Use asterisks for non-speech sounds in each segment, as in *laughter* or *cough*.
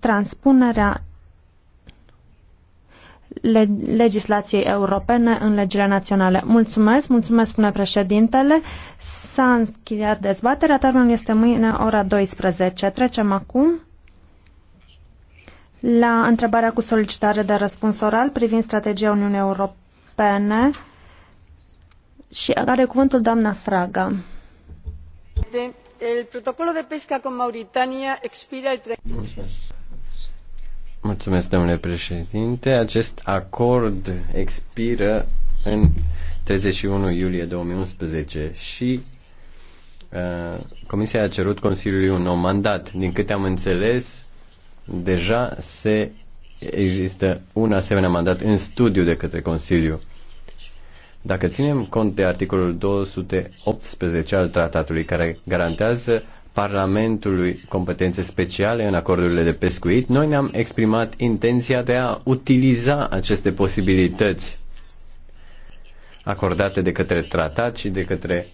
transpunerea legislației europene în legile naționale. Mulțumesc, mulțumesc, spune președintele. S-a încheiat dezbaterea, termenul este mâine, ora 12. Trecem acum la întrebarea cu solicitare de răspuns oral privind strategia Uniunii Europene și are cuvântul doamna Fraga. El protocolo de pesca con Mauritania expira el 30... Mulțumesc. domnule președinte. Acest acord expiră în 31 iulie 2011 și uh, Comisia a cerut Consiliului un nou mandat. Din câte am înțeles, deja se există un asemenea mandat în studiu de către Consiliu. Dacă ținem cont de articolul 218 al tratatului care garantează Parlamentului competențe speciale în acordurile de pescuit, noi ne-am exprimat intenția de a utiliza aceste posibilități acordate de către tratat și de către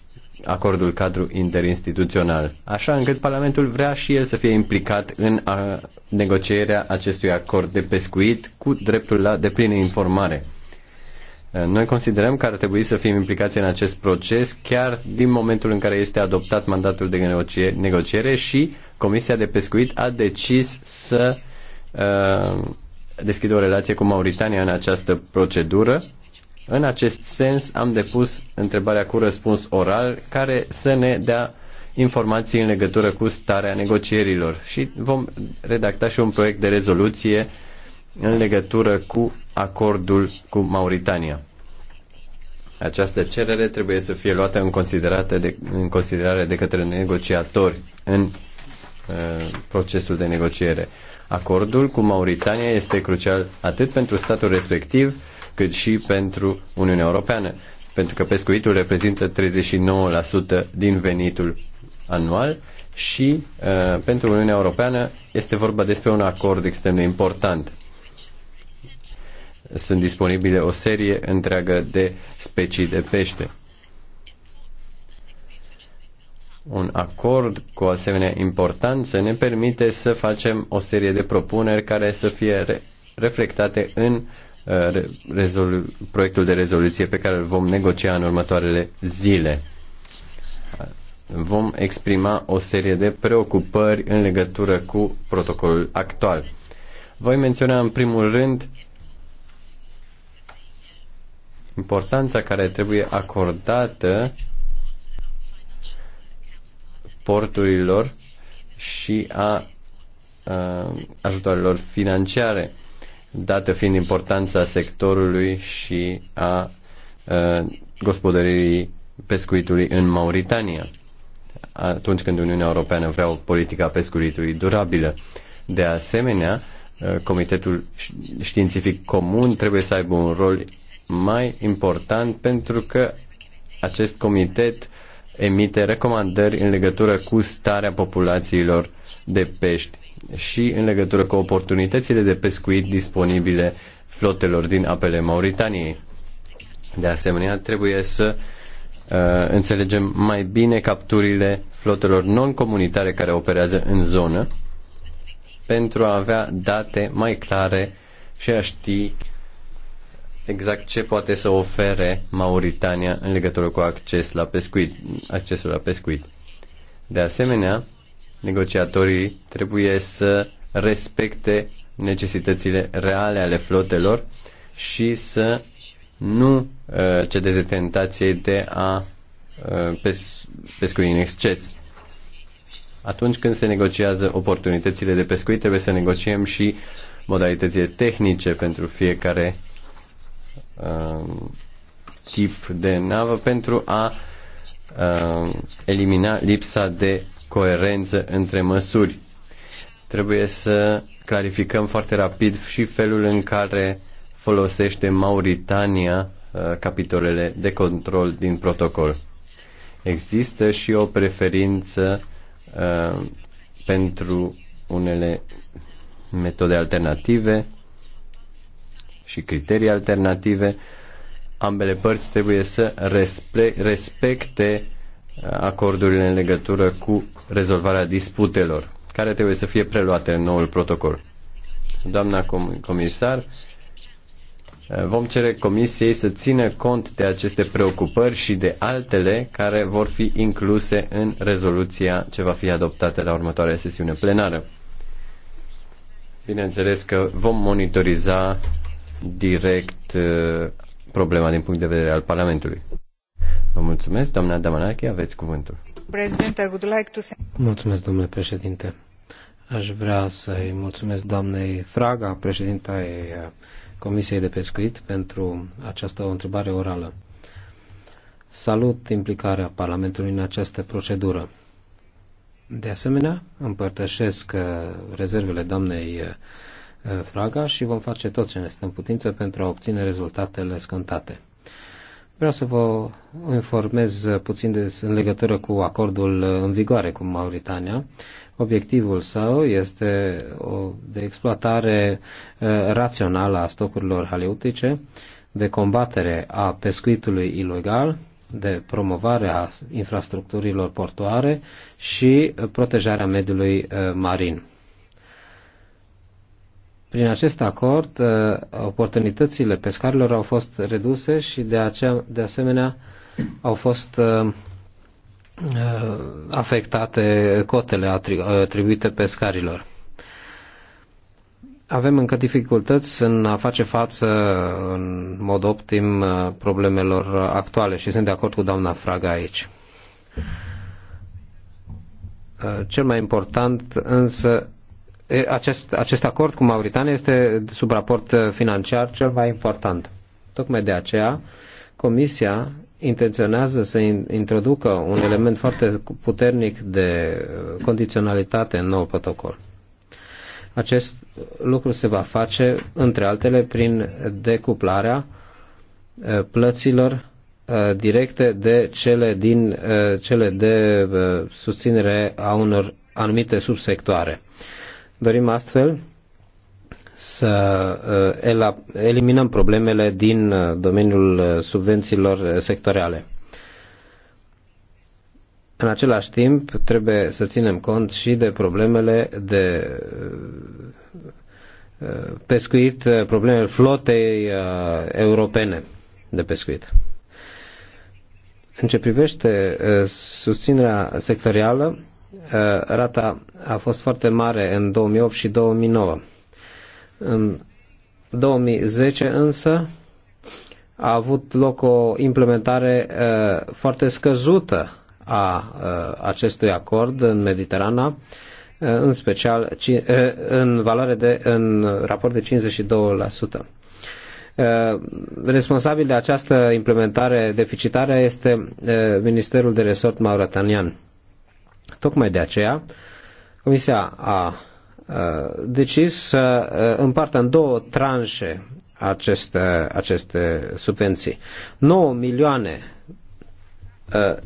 acordul cadru interinstituțional, așa încât Parlamentul vrea și el să fie implicat în negocierea acestui acord de pescuit cu dreptul la deplină informare. Noi considerăm că ar trebui să fim implicați în acest proces chiar din momentul în care este adoptat mandatul de negociere și Comisia de Pescuit a decis să uh, deschidă o relație cu Mauritania în această procedură. În acest sens am depus întrebarea cu răspuns oral care să ne dea informații în legătură cu starea negocierilor și vom redacta și un proiect de rezoluție uh, în legătură cu acordul cu Mauritania. Această cerere trebuie să fie luată în, considerate de, în considerare de către negociatori în uh, procesul de negociere. Acordul cu Mauritania este crucial atât pentru statul respectiv, cât și pentru Uniunea Europeană, pentru că pescuitul reprezintă 39% din venitul anual și uh, pentru Uniunea Europeană este vorba despre un acord extrem de important sunt disponibile o serie întreagă de specii de pește. Un acord cu asemenea importanță ne permite să facem o serie de propuneri care să fie reflectate în uh, rezolu- proiectul de rezoluție pe care îl vom negocia în următoarele zile. Vom exprima o serie de preocupări în legătură cu protocolul actual. Voi menționa în primul rând importanța care trebuie acordată porturilor și a, a ajutoarelor financiare, dată fiind importanța sectorului și a, a gospodării pescuitului în Mauritania, atunci când Uniunea Europeană vrea o politică a pescuitului durabilă. De asemenea, Comitetul Științific Comun trebuie să aibă un rol mai important pentru că acest comitet emite recomandări în legătură cu starea populațiilor de pești și în legătură cu oportunitățile de pescuit disponibile flotelor din apele Mauritaniei. De asemenea, trebuie să uh, înțelegem mai bine capturile flotelor non-comunitare care operează în zonă pentru a avea date mai clare și a ști exact ce poate să ofere Mauritania în legătură cu acces la pescuit, accesul la pescuit. De asemenea, negociatorii trebuie să respecte necesitățile reale ale flotelor și să nu uh, cedeze tentației de a uh, pes- pescui în exces. Atunci când se negociază oportunitățile de pescuit, trebuie să negociem și modalitățile tehnice pentru fiecare Um, tip de navă pentru a um, elimina lipsa de coerență între măsuri. Trebuie să clarificăm foarte rapid și felul în care folosește Mauritania uh, capitolele de control din protocol. Există și o preferință uh, pentru unele metode alternative și criterii alternative, ambele părți trebuie să respecte uh, acordurile în legătură cu rezolvarea disputelor, care trebuie să fie preluate în noul protocol. Doamna comisar, uh, vom cere comisiei să țină cont de aceste preocupări și de altele care vor fi incluse în rezoluția ce va fi adoptată la următoarea sesiune plenară. Bineînțeles că vom monitoriza direct uh, problema din punct de vedere al Parlamentului. Vă mulțumesc, doamna Damanache, aveți cuvântul. Președinte, would like to... Mulțumesc, domnule președinte. Aș vrea să-i mulțumesc doamnei Fraga, președinta Comisiei de Pescuit, pentru această întrebare orală. Salut implicarea Parlamentului în această procedură. De asemenea, împărtășesc uh, rezervele doamnei uh, Eh, fraga și vom face tot ce ne stă în putință pentru a obține rezultatele scontate. Vreau să vă informez puțin de, în legătură cu acordul eh, în vigoare cu Mauritania. Obiectivul său este o, de exploatare uh, rațională a stocurilor haleutice, de combatere a pescuitului ilegal, de promovare a infrastructurilor portoare și protejarea mediului marin. Prin acest acord, uh, oportunitățile pescarilor au fost reduse și de, acea, de asemenea au fost uh, uh, afectate cotele atribuite pescarilor. Avem încă dificultăți în a face față în mod optim problemelor actuale și sunt de acord cu doamna Fraga aici. Cel mai important însă acest, acest acord cu Mauritania este sub raport uh, financiar cel mai important. Tocmai de aceea, Comisia intenționează să introducă un element foarte puternic de uh, condiționalitate în nou protocol. Acest lucru se va face, între altele, prin decuplarea uh, plăților directe de cele, din, cele de susținere a unor anumite subsectoare. Dorim astfel să uh, eliminăm problemele din uh, domeniul uh, subvențiilor sectoriale. În același timp, trebuie să ținem cont și de problemele de pescuit, problemele flotei europene de pescuit. În ce privește susținerea sectorială, Eh, rata a fost foarte mare în 2008 și 2009. În 2010 însă a avut loc o implementare eh, foarte scăzută a eh, acestui acord în Mediterana, în special în valoare de în raport de 52%. Responsabil de această implementare deficitară este Ministerul de Resort mauritanian. Tocmai de aceea, Comisia a decis să împartă în două tranșe aceste, aceste subvenții. 9 milioane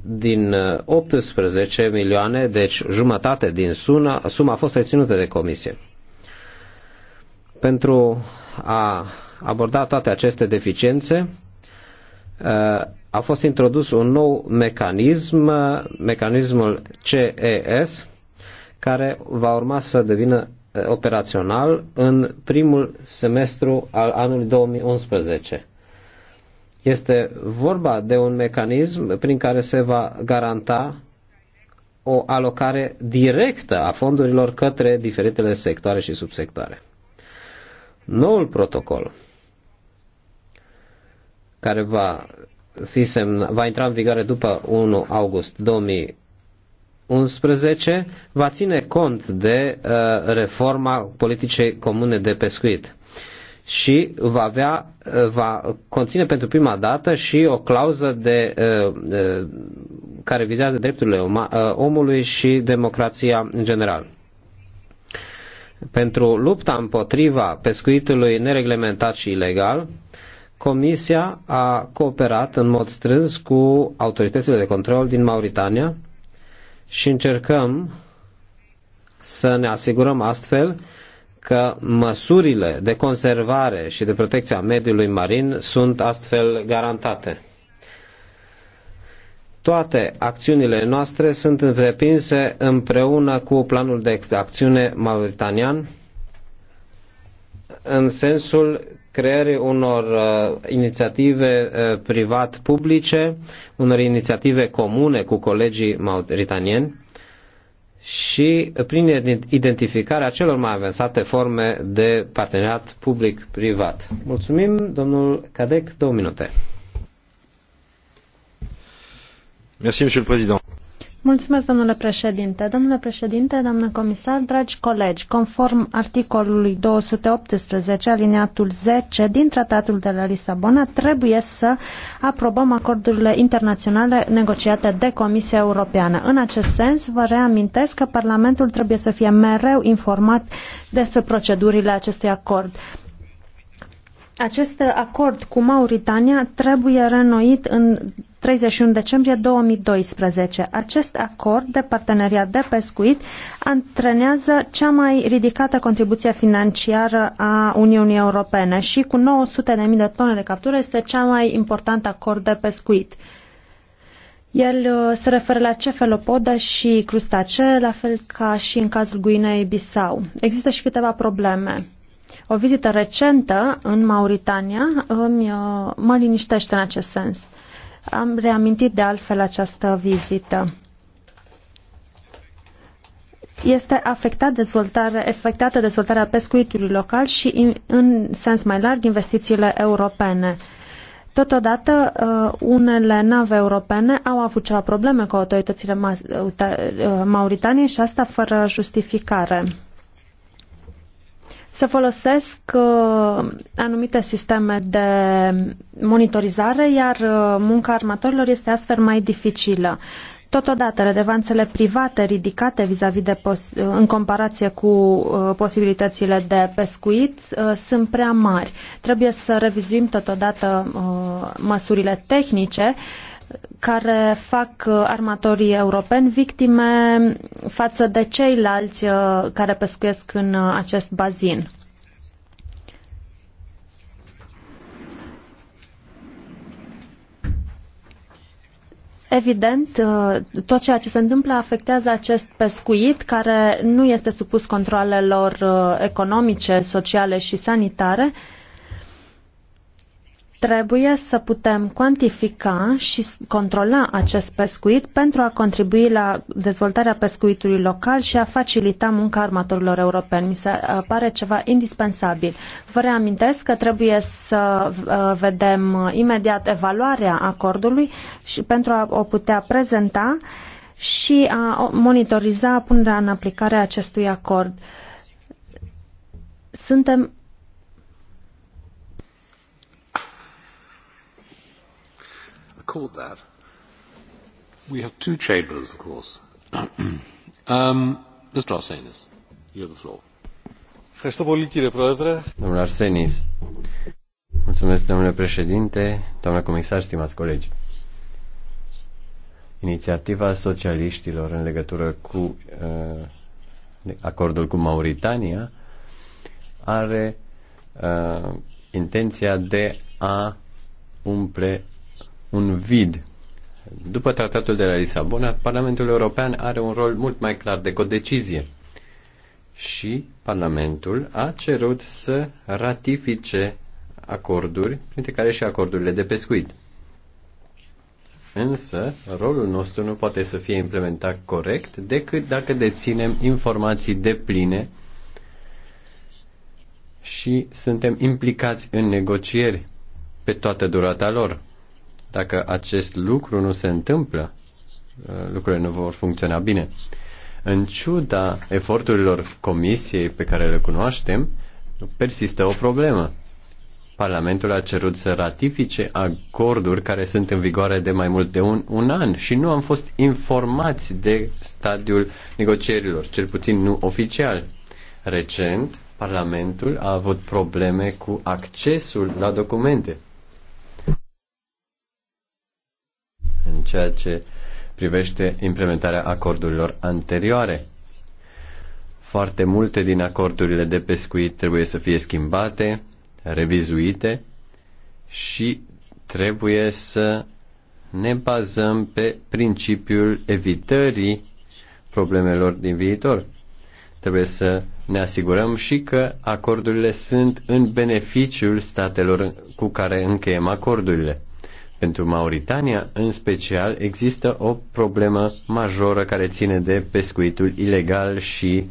din 18 milioane, deci jumătate din suma, suma a fost reținută de comisie. Pentru a aborda toate aceste deficiențe, a fost introdus un nou mecanism, mecanismul CES, care va urma să devină eh, operațional în primul semestru al anului 2011. Este vorba de un mecanism prin care se va garanta o alocare directă a fondurilor către diferitele sectoare și subsectoare. Noul protocol care va fi semn, va intra în vigoare după 1 august 2011, va ține cont de uh, reforma politicii comune de pescuit și va, avea, uh, va conține pentru prima dată și o clauză de, uh, uh care vizează drepturile om, uh, omului și democrația în general. Pentru lupta împotriva pescuitului nereglementat și ilegal, Comisia a cooperat în mod strâns cu autoritățile de control din Mauritania și încercăm să ne asigurăm astfel că măsurile de conservare și de protecție a mediului marin sunt astfel garantate. Toate acțiunile noastre sunt întreprinse împreună cu planul de acțiune mauritanian în sensul creării unor uh, inițiative uh, privat-publice, unor inițiative comune cu colegii mauritanieni și prin identificarea celor mai avansate forme de parteneriat public-privat. Mulțumim, domnul Cadec, două minute. Mersi, domnul președinte. Mulțumesc, domnule președinte. Domnule președinte, doamnă comisar, dragi colegi, conform articolului 218, aliniatul 10 din Tratatul de la Lisabona, trebuie să aprobăm acordurile internaționale negociate de Comisia Europeană. În acest sens, vă reamintesc că Parlamentul trebuie să fie mereu informat despre procedurile acestui acord. Acest acord cu Mauritania trebuie reînnoit în 31 decembrie 2012. Acest acord de parteneriat de pescuit antrenează cea mai ridicată contribuție financiară a Uniunii Europene și cu 900.000 de tone de captură este cea mai important acord de pescuit. El uh, se referă la cefalopodă și crustacee, la fel ca și în cazul Guinei Bissau. Există și câteva probleme. O vizită recentă în Mauritania îmi, uh, mă liniștește în acest sens. Am reamintit de altfel această vizită. Este afectat dezvoltare, afectată dezvoltarea pescuitului local și, în sens mai larg, investițiile europene. Totodată, uh, unele nave europene au avut ceva probleme cu autoritățile uh, Mauritaniei și asta fără justificare se folosesc uh, anumite sisteme de monitorizare, iar uh, munca armatorilor este astfel mai dificilă. Totodată, relevanțele private ridicate vis-a-vis -vis de pos- în comparație cu uh, posibilitățile de pescuit uh, sunt prea mari. Trebuie să revizuim totodată uh, măsurile tehnice uh, care fac uh, armatorii europeni victime față de ceilalți uh, care pescuiesc în uh, acest bazin. Evident, tot ceea ce se întâmplă afectează acest pescuit care nu este supus controlelor economice, sociale și sanitare, Trebuie să putem cuantifica și controla acest pescuit pentru a contribui la dezvoltarea pescuitului local și a facilita munca armatorilor europeni. Mi se uh, pare ceva indispensabil. Vă reamintesc că trebuie să uh, vedem uh, imediat evaluarea acordului și pentru a o putea prezenta și a monitoriza punerea în aplicare a acestui acord. Suntem caught that. We have two chambers, of course. *clears throat* um, Mr. Arsenis, you have the floor. Ευχαριστώ πολύ κύριε Πρόεδρε. Domnul Arsenis. Mulțumesc, domnule președinte, doamna comisar, stimați colegi. Inițiativa socialiștilor în legătură cu uh, acordul cu Mauritania are uh, intenția de a umple un vid. După tratatul de la Lisabona, Parlamentul European are un rol mult mai clar de codecizie și Parlamentul a cerut să ratifice acorduri, printre care și acordurile de pescuit. Însă, rolul nostru nu poate să fie implementat corect decât dacă deținem informații de pline și suntem implicați în negocieri pe toată durata lor. Dacă acest lucru nu se întâmplă, uh, lucrurile nu vor funcționa bine. În ciuda eforturilor comisiei pe care le cunoaștem, persistă o problemă. Parlamentul a cerut să ratifice acorduri care sunt în vigoare de mai mult de un, un an și nu am fost informați de stadiul negocierilor, cel puțin nu oficial. Recent, Parlamentul a avut probleme cu accesul la documente. în ceea ce privește implementarea acordurilor anterioare. Foarte multe din acordurile de pescuit trebuie să fie schimbate, revizuite și trebuie să ne bazăm pe principiul evitării problemelor din viitor. Trebuie să ne asigurăm și că acordurile sunt în beneficiul statelor cu care încheiem acordurile. Pentru Mauritania, în special, există o problemă majoră care ține de pescuitul ilegal și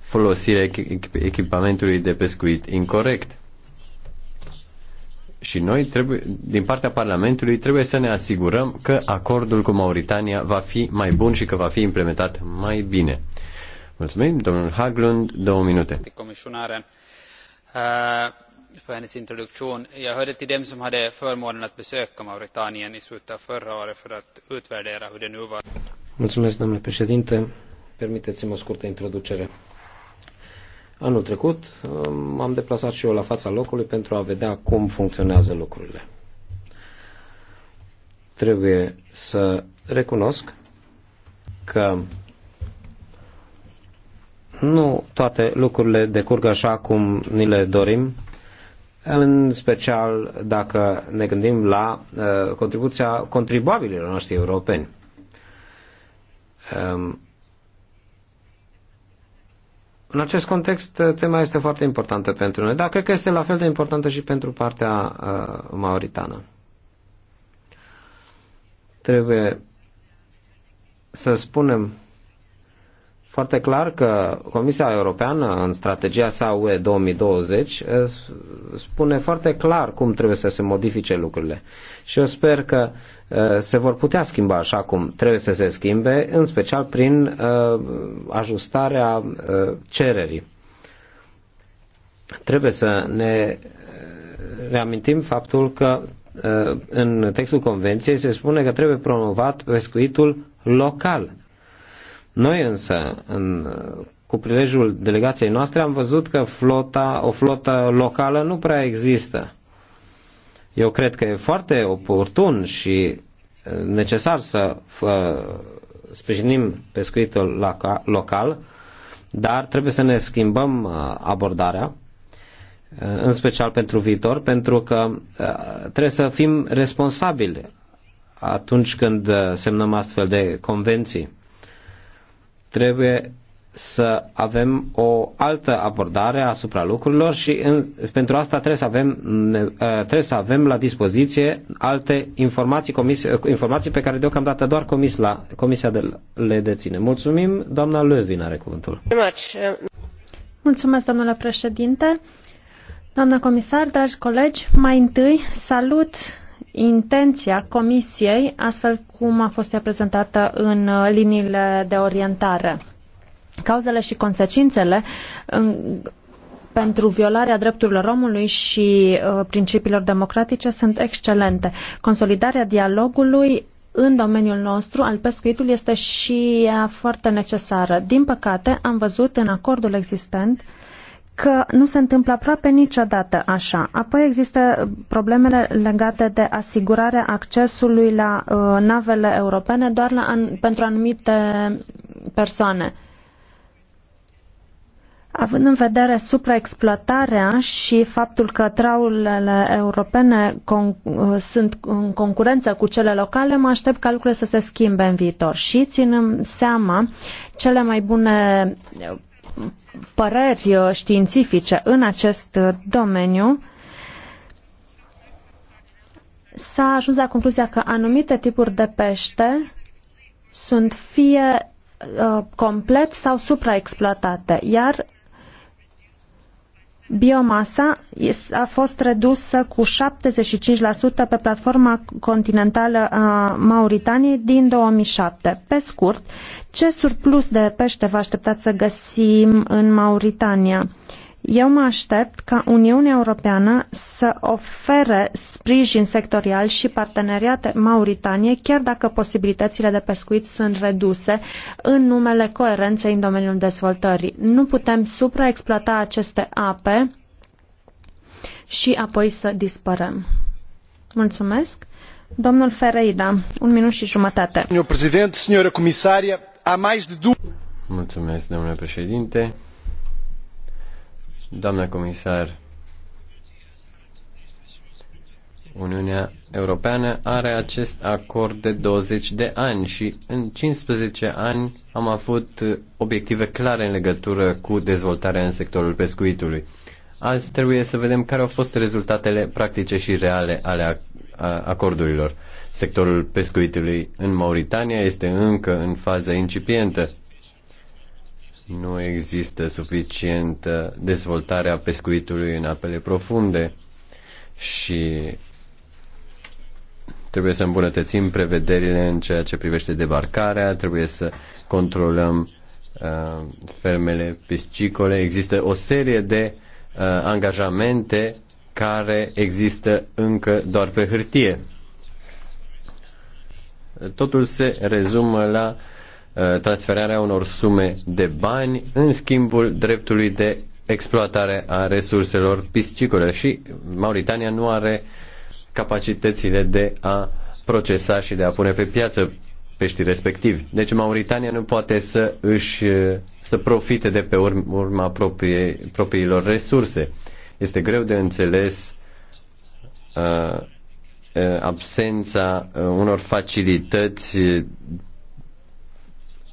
folosirea echipamentului de pescuit incorrect. Și noi, trebuie, din partea Parlamentului, trebuie să ne asigurăm că acordul cu Mauritania va fi mai bun și că va fi implementat mai bine. Mulțumim, domnul Haglund, două minute. Comisionare. Uh för hennes introduktion. Jag hörde till dem som hade förmånen att besöka Mauritanien i slutet av förra året för att utvärdera hur det nu var. Mulțumesc, domnule președinte. Permiteți-mi o scurtă introducere. Anul trecut um, m-am deplasat și eu la fața locului pentru a vedea cum funcționează lucrurile. Trebuie să recunosc că nu toate lucrurile decurg așa cum ni le dorim în special dacă ne gândim la uh, contribuția contribuabililor noștri europeni. Um, în acest context, uh, tema este foarte importantă pentru noi, dar cred că este la fel de importantă și pentru partea uh, mauritană. Trebuie să spunem foarte clar că Comisia Europeană, în strategia sa UE 2020, eh, spune foarte clar cum trebuie să se modifice lucrurile. Și eu sper că eh, se vor putea schimba așa cum trebuie să se schimbe, în special prin eh, ajustarea cererii. Trebuie să ne reamintim faptul că în textul Convenției se spune că trebuie promovat pescuitul local noi însă, în, cu prilejul delegației noastre, am văzut că flota, o flotă locală nu prea există. Eu cred că e foarte oportun și uh, necesar să fă, uh, sprijinim pescuitul local, dar trebuie să ne schimbăm uh, abordarea, în special pentru viitor, pentru că trebuie să fim responsabili atunci când semnăm astfel de convenții. Trebuie să avem o altă abordare asupra lucrurilor și în, pentru asta trebuie să, avem, uh, trebuie să avem la dispoziție alte informații, comis, uh, informații pe care deocamdată doar comis la, Comisia de, le deține. Mulțumim, doamna Lövin are cuvântul. Mulțumesc, domnule președinte. Doamna comisar, dragi colegi, mai întâi salut intenția Comisiei, astfel cum a fost ea prezentată în uh, liniile de orientare. Cauzele și consecințele în, pentru violarea drepturilor omului și uh, principiilor democratice sunt excelente. Consolidarea dialogului în domeniul nostru al pescuitului este și ea foarte necesară. Din păcate, am văzut în acordul existent uh, că nu se întâmplă aproape niciodată așa. Apoi există problemele legate de asigurarea accesului la uh, navele europene doar la an- pentru anumite persoane. Având în vedere supraexploatarea și faptul că traulele europene con- uh, sunt în concurență cu cele locale, mă aștept ca lucrurile să se schimbe în viitor și ținem seama cele mai bune păreri uh, științifice în acest uh, domeniu, s-a ajuns la concluzia că anumite tipuri de pește sunt fie uh, complet sau supraexploatate, iar Biomasa a fost redusă cu 75% pe platforma continentală a Mauritaniei din 2007. Pe scurt, ce surplus de pește vă așteptați să găsim în Mauritania? Uh, eu mă aștept ca Uniunea Europeană să ofere sprijin sectorial și parteneriate Mauritaniei, chiar dacă posibilitățile de pescuit sunt reduse, în numele coerenței în domeniul dezvoltării. Nu putem supraexploata aceste ape și apoi să dispărăm. Mulțumesc. Domnul Ferreira, un minut și jumătate. Mulțumesc, domnule președinte. Doamna comisar, Uniunea Europeană are acest acord de 20 de ani și în 15 ani am avut obiective clare în legătură cu dezvoltarea în sectorul pescuitului. Azi trebuie să vedem care au fost rezultatele practice și reale ale acordurilor. Sectorul pescuitului în Mauritania este încă în fază incipientă nu există suficientă dezvoltare a pescuitului în apele profunde și trebuie să îmbunătățim prevederile în ceea ce privește debarcarea, trebuie să controlăm uh, fermele piscicole. Există o serie de uh, angajamente care există încă doar pe hârtie. Totul se rezumă la Uh, transferarea unor sume de bani în schimbul dreptului de exploatare a resurselor piscicole și Mauritania nu are capacitățile de a procesa și de a pune pe piață peștii respectivi. Deci Mauritania nu poate să își uh, să profite de pe urma proprie, propriilor resurse. Este greu de înțeles uh, uh absența unor facilități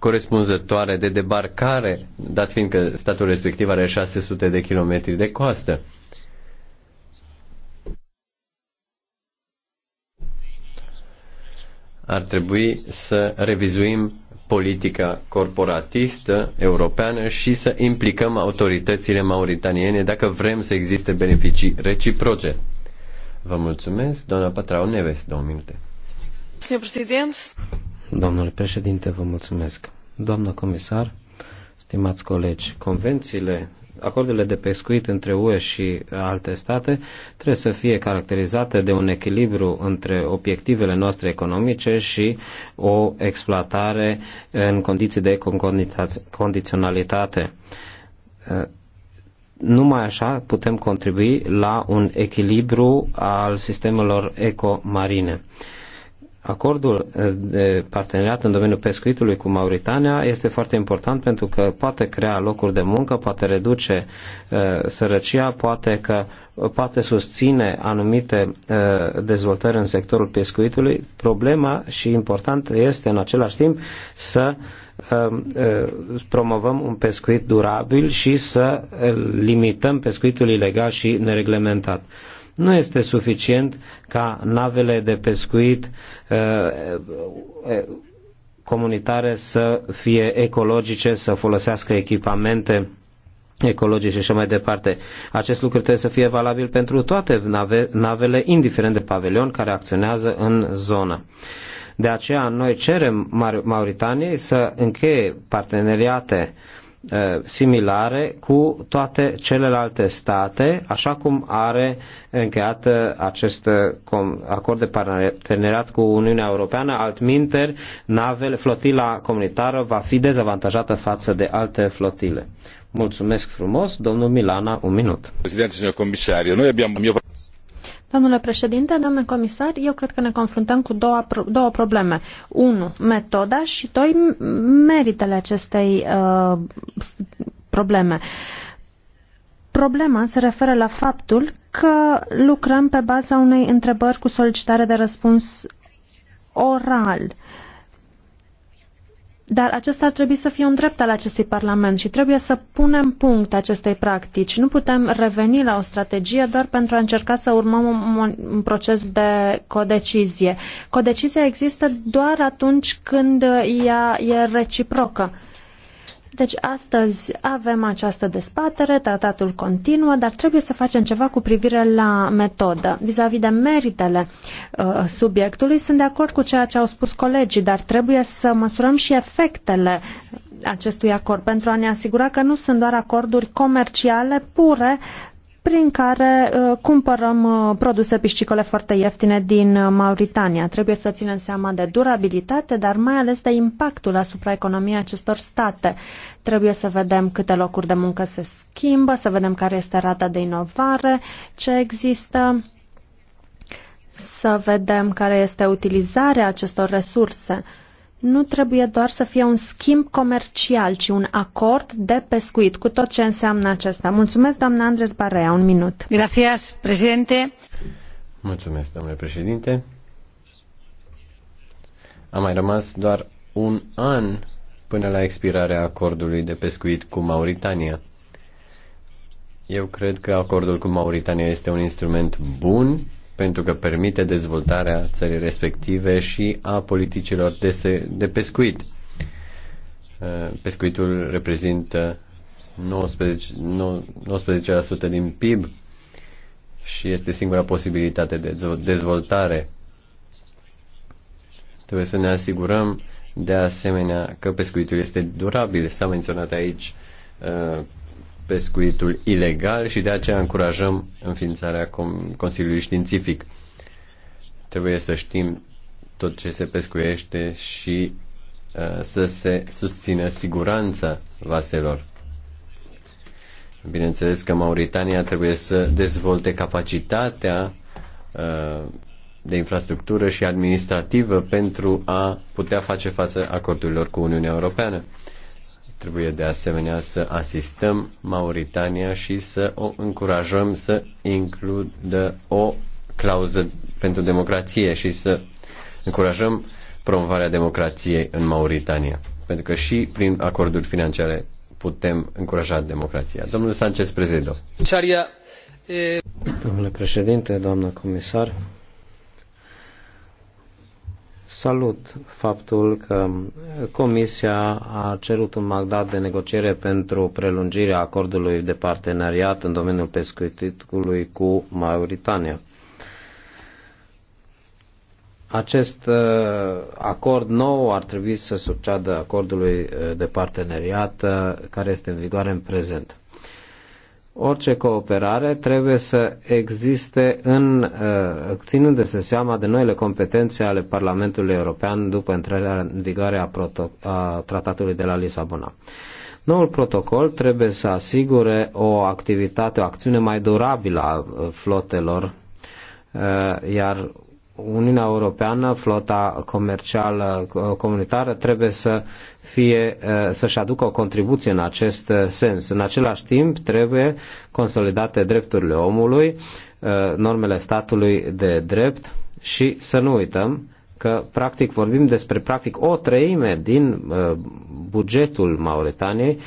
corespunzătoare de debarcare, dat fiindcă statul respectiv are 600 de kilometri de coastă. Ar trebui să revizuim politica corporatistă europeană și să implicăm autoritățile mauritaniene dacă vrem să existe beneficii reciproce. Vă mulțumesc, doamna Patrao Neves, două minute. Domnule președinte, vă mulțumesc doamnă comisar, stimați colegi, convențiile acordurile de pescuit între UE și alte state trebuie să fie caracterizate de un echilibru între obiectivele noastre economice și o exploatare în condiții de condiționalitate. Numai așa putem contribui la un echilibru al sistemelor ecomarine. marine Acordul eh, de parteneriat în domeniul pescuitului cu Mauritania este foarte important pentru că poate crea locuri de muncă, poate reduce uh, sărăcia, poate că poate susține anumite uh, dezvoltări în sectorul pescuitului. Problema și important este în același timp să uh, promovăm un pescuit durabil și să limităm pescuitul ilegal și nereglementat. Nu este suficient ca navele de pescuit uh, uh, uh, comunitare să fie ecologice, să folosească echipamente ecologice și așa mai departe. Acest lucru trebuie să fie valabil pentru toate nave, navele, indiferent de pavilion, care acționează în zonă. De aceea noi cerem Mauritaniei să încheie parteneriate uh, Uh, similare cu toate celelalte state, așa cum are încheiat uh, acest uh, acord de parteneriat cu Uniunea Europeană. Altminteri, navel, flotila comunitară va fi dezavantajată față de alte flotile. Mulțumesc frumos, domnul Milana, un minut. Președinte, domnule comisar, noi abbiamo... Domnule președinte, doamnă comisar, eu cred că ne confruntăm cu două, două probleme. Unu, metoda și doi, meritele acestei uh, probleme. Problema se referă la faptul că lucrăm pe baza unei întrebări cu solicitare de răspuns oral. Uh, dar acesta ar trebui să fie un drept al acestui Parlament și trebuie să punem punct acestei practici. Nu putem reveni la o strategie doar pentru a încerca să urmăm un, un proces de codecizie. Codecizia există doar atunci când ea e reciprocă. Deci astăzi avem această dezbatere, tratatul continuă, dar trebuie să facem ceva cu privire la metodă. Vis-a-vis -vis de meritele uh, subiectului, sunt de acord cu ceea ce au spus colegii, dar trebuie să măsurăm și efectele acestui acord pentru a ne asigura că nu sunt doar acorduri comerciale pure prin care uh, cumpărăm uh, produse piscicole foarte ieftine din uh, Mauritania. Trebuie să ținem seama de durabilitate, dar mai ales de impactul asupra economiei acestor state. Trebuie să vedem câte locuri de muncă se schimbă, să vedem care este rata de inovare ce există, să vedem care este utilizarea acestor resurse. Uh, nu trebuie doar să fie un schimb comercial, ci un acord de pescuit, cu tot ce înseamnă acesta. Mulțumesc, doamna Andres Barea, un minut. Gracias, președinte. Mulțumesc, domnule președinte. A mai rămas doar un an până la expirarea acordului de pescuit cu Mauritania. Eu cred că acordul cu Mauritania este un instrument bun pentru că permite dezvoltarea țării respective și a politicilor de, se, de pescuit. Uh, pescuitul reprezintă 19, 19% din PIB și este singura posibilitate de dezvoltare. Trebuie să ne asigurăm de asemenea că pescuitul este durabil. S-a menționat aici uh, pescuitul ilegal și de aceea încurajăm înființarea Consiliului Științific. Trebuie să știm tot ce se pescuiește și uh, să se susțină siguranța vaselor. Bineînțeles că Mauritania trebuie să dezvolte capacitatea uh, de infrastructură și administrativă pentru a putea face față acordurilor cu Uniunea Europeană. Trebuie de asemenea să asistăm Mauritania și să o încurajăm să includă o clauză pentru democrație și să încurajăm promovarea democrației în Mauritania. Pentru că și prin acorduri financiare putem încuraja democrația. Domnul Sanchez Prezedo. Domnule președinte, doamnă comisar, Salut faptul că Comisia a cerut un mandat de negociere pentru prelungirea acordului de parteneriat în domeniul pescuitului cu Mauritania. Acest uh, acord nou ar trebui să succeadă acordului uh, de parteneriat uh, care este în vigoare în prezent orice cooperare trebuie să existe în, uh, ținându-se seama de noile competențe ale Parlamentului European după intrarea în vigoare a, a tratatului de la Lisabona. Noul protocol trebuie să asigure o activitate, o acțiune mai durabilă a uh, flotelor, uh, iar Uniunea Europeană, flota comercială uh, comunitară trebuie să fie, uh, să-și aducă o contribuție în acest uh, sens. În același timp trebuie consolidate drepturile omului, normele statului de drept și să nu uităm că practic vorbim despre practic o treime din bugetul Mauretaniei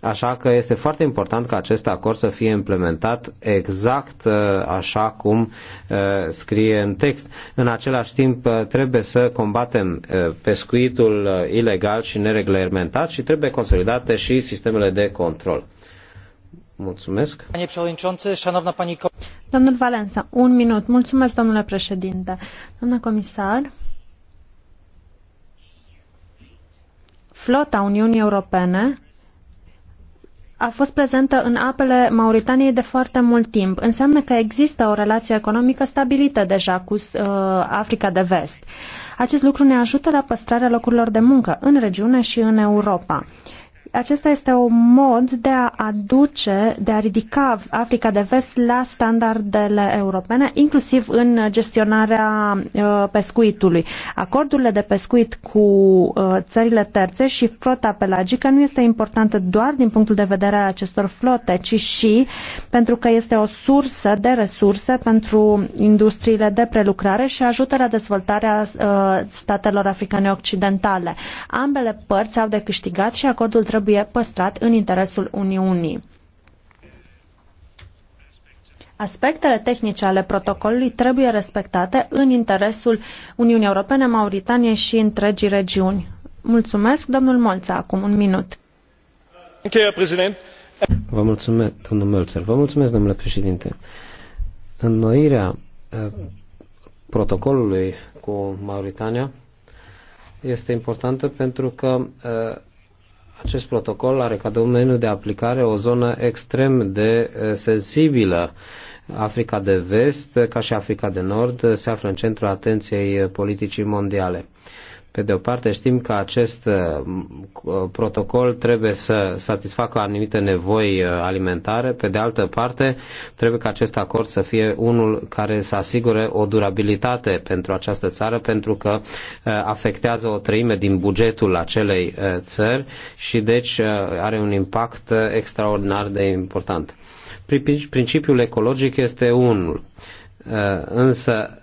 Așa că este foarte important ca acest acord să fie implementat exact uh, așa cum uh, scrie în text. În același timp, uh, trebuie să combatem pescuitul ilegal și nereglementat și trebuie consolidate și sistemele de control. Mulțumesc. Domnul Valensa, un minut. Mulțumesc, domnule președinte. Domnule comisar, flota Uniunii Europene a fost prezentă în apele Mauritaniei de foarte mult timp. Înseamnă că există o relație economică stabilită deja cu uh, Africa de Vest. Acest lucru ne ajută la păstrarea locurilor de muncă în regiune și în Europa acesta este un mod de a aduce, de a ridica Africa de Vest la standardele europene, inclusiv în gestionarea uh, pescuitului. Acordurile de pescuit cu uh, țările terțe și flota pelagică nu este importantă doar din punctul de vedere al acestor flote, ci și pentru că este o sursă de resurse pentru industriile de prelucrare și ajută la dezvoltarea uh, statelor africane occidentale. Ambele părți au de câștigat și acordul trebuie trebuie păstrat în interesul Uniunii. Aspectele tehnice ale protocolului trebuie respectate în interesul Uniunii Europene, Mauritanie și întregii regiuni. Mulțumesc, domnul Molța, acum un minut. Vă mulțumesc, domnul Mölzer. Vă mulțumesc, domnule președinte. Înnoirea eh, protocolului cu Mauritania este importantă pentru că eh, acest protocol are ca domeniu de aplicare o zonă extrem de eh, sensibilă. Africa de vest, ca și Africa de nord, se află în centrul atenției politicii mondiale. Pe de o parte știm că acest uh, protocol trebuie să satisfacă anumite nevoi uh, alimentare, pe de altă parte trebuie ca acest acord să fie unul care să asigure o durabilitate pentru această țară pentru că uh, afectează o treime din bugetul acelei țări și deci are un impact extraordinar de important. Principiul ecologic este unul Uh, însă,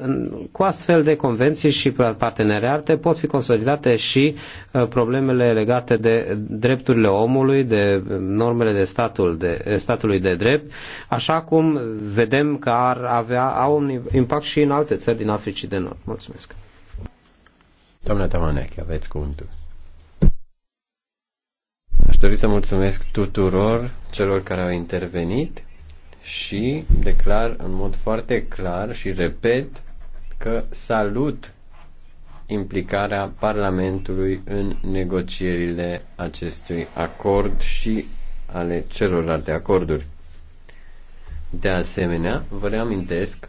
uh, cu astfel de convenții și parteneriate pot fi consolidate și uh, problemele legate de drepturile omului, de normele de statul de, statului de drept, așa cum vedem că ar avea au un impact și în alte țări din Africa de Nord. Mulțumesc. Doamna Tamanec, aveți cuvântul. Aș dori să mulțumesc tuturor celor care au intervenit și declar în mod foarte clar și repet că salut implicarea Parlamentului în negocierile acestui acord și ale celorlalte acorduri. De asemenea, vă reamintesc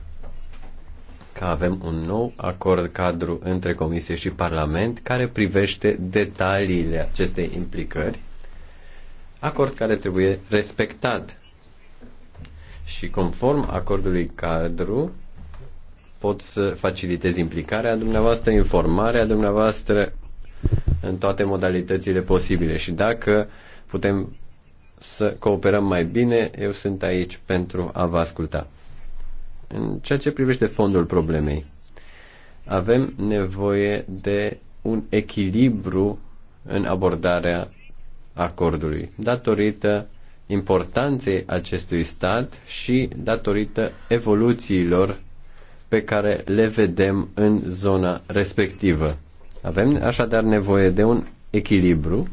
că avem un nou acord cadru între Comisie și Parlament care privește detaliile acestei implicări, acord care trebuie respectat și conform acordului cadru pot să facilitez implicarea dumneavoastră, informarea dumneavoastră în toate modalitățile posibile și dacă putem să cooperăm mai bine, eu sunt aici pentru a vă asculta. În ceea ce privește fondul problemei, avem nevoie de un echilibru în abordarea acordului, datorită importanței acestui stat și datorită evoluțiilor pe care le vedem în zona respectivă. Avem așadar nevoie de un echilibru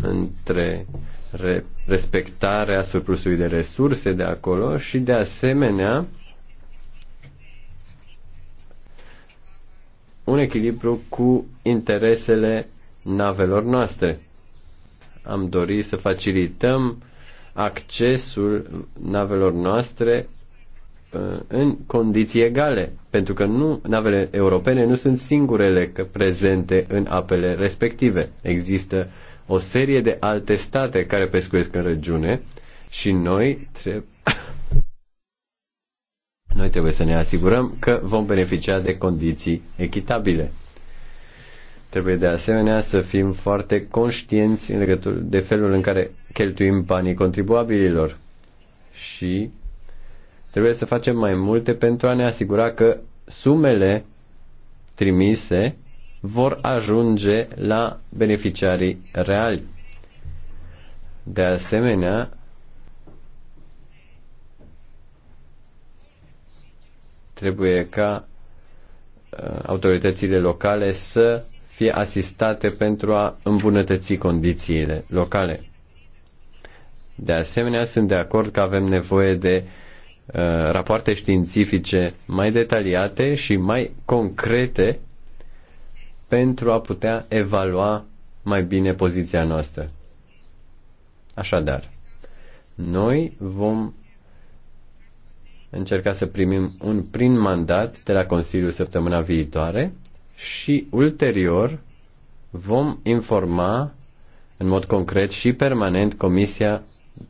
între respectarea surplusului de resurse de acolo și de asemenea un echilibru cu interesele navelor noastre am dorit să facilităm accesul navelor noastre uh, în condiții egale, pentru că nu, navele europene nu sunt singurele prezente în apele respective. Există o serie de alte state care pescuiesc în regiune și noi trebuie *coughs* noi trebuie să ne asigurăm că vom beneficia de condiții echitabile. Trebuie de asemenea să fim foarte conștienți în legătură de felul în care cheltuim banii contribuabililor și trebuie să facem mai multe pentru a ne asigura că sumele trimise vor ajunge la beneficiarii reali. De asemenea, trebuie ca uh, autoritățile locale să fie asistate pentru a îmbunătăți condițiile locale. De asemenea, sunt de acord că avem nevoie de uh, rapoarte științifice mai detaliate și mai concrete pentru a putea evalua mai bine poziția noastră. Așadar, noi vom încerca să primim un prim mandat de la Consiliul săptămâna viitoare și ulterior vom informa în mod concret și permanent Comisia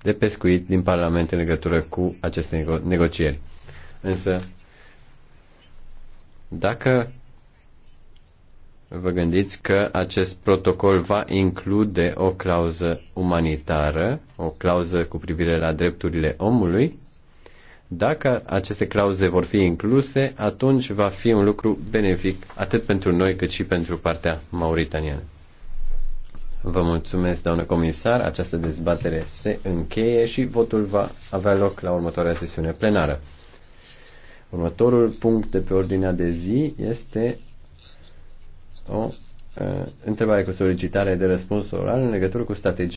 de Pescuit din Parlament în legătură cu aceste nego- negocieri. Însă, dacă vă gândiți că acest protocol va include o clauză umanitară, o clauză cu privire la drepturile omului, dacă aceste clauze vor fi incluse, atunci va fi un lucru benefic atât pentru noi cât și pentru partea mauritaniană. Vă mulțumesc, doamnă comisar. Această dezbatere se încheie și votul va avea loc la următoarea sesiune plenară. Următorul punct de pe ordinea de zi este o uh, întrebare cu solicitare de răspuns oral în legătură cu strategia.